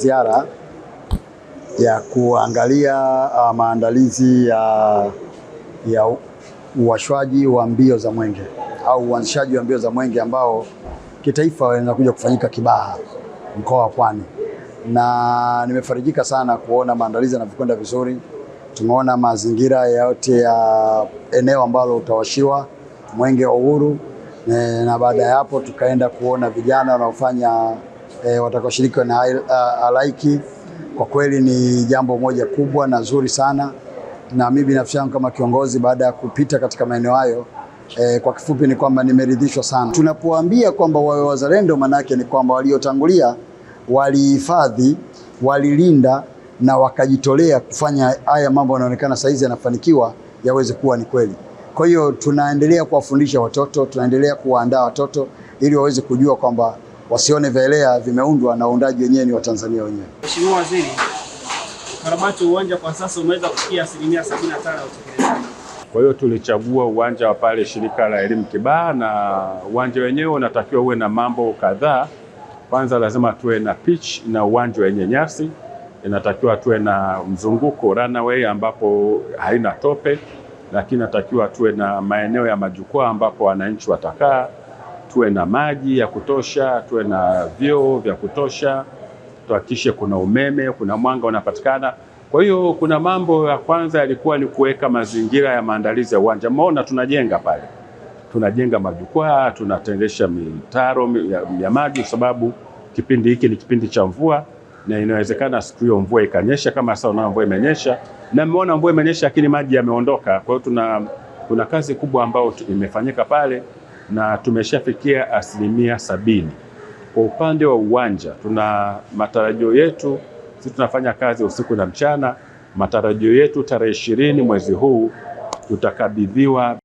ziara ya kuangalia uh, maandalizi ya, ya uwashwaji wa mbio za mwenge au uanzishaji wa mbio za mwenge ambao kitaifa inakuja kufanyika Kibaha mkoa wa Pwani, na nimefarijika sana kuona maandalizi yanavyokwenda vizuri. Tumeona mazingira yote ya eneo ambalo utawashiwa mwenge wa uhuru, eh, na baada ya hapo tukaenda kuona vijana wanaofanya e, eh, watakaoshirikiwa na halaiki. Uh, kwa kweli ni jambo moja kubwa na zuri sana, na mimi binafsi yangu kama kiongozi, baada ya kupita katika maeneo hayo e, kwa kifupi ni kwamba nimeridhishwa sana. Tunapoambia kwamba wawe wazalendo, manake ni kwamba waliotangulia walihifadhi, walilinda na wakajitolea kufanya haya mambo yanaonekana saizi yanafanikiwa yaweze kuwa ni kweli. Kwa hiyo tunaendelea kuwafundisha watoto, tunaendelea kuwaandaa watoto ili waweze kujua kwamba wasione vielea vimeundwa na waundaji wenyewe ni Watanzania wenyewe. Mheshimiwa Waziri, ukarabati wa uwanja kwa sasa umeweza kufikia asilimia 75 ya utekelezaji. Kwa hiyo tulichagua uwanja wa pale shirika la elimu Kibaha, na uwanja wenyewe unatakiwa uwe na mambo kadhaa. Kwanza lazima tuwe na pitch na uwanja wenye nyasi, inatakiwa tuwe na mzunguko runway ambapo haina tope, lakini natakiwa tuwe na maeneo ya majukwaa ambapo wananchi watakaa tuwe na maji ya kutosha, tuwe na vyoo vya kutosha, tuhakikishe kuna umeme, kuna mwanga unapatikana. Kwa hiyo kuna mambo ya kwanza yalikuwa ni kuweka mazingira ya maandalizi ya uwanja. Mmeona tunajenga pale, tunajenga majukwaa, tunatengesha mitaro ya, ya maji, sababu kipindi hiki ni kipindi cha mvua na inawezekana siku hiyo mvua ikanyesha, kama sasa unaona mvua imenyesha na mmeona mvua imenyesha, lakini maji yameondoka. Kwa hiyo tuna kuna kazi kubwa ambayo imefanyika pale na tumeshafikia asilimia sabini. Kwa upande wa uwanja, tuna matarajio yetu, sisi tunafanya kazi usiku na mchana. Matarajio yetu tarehe ishirini mwezi huu tutakabidhiwa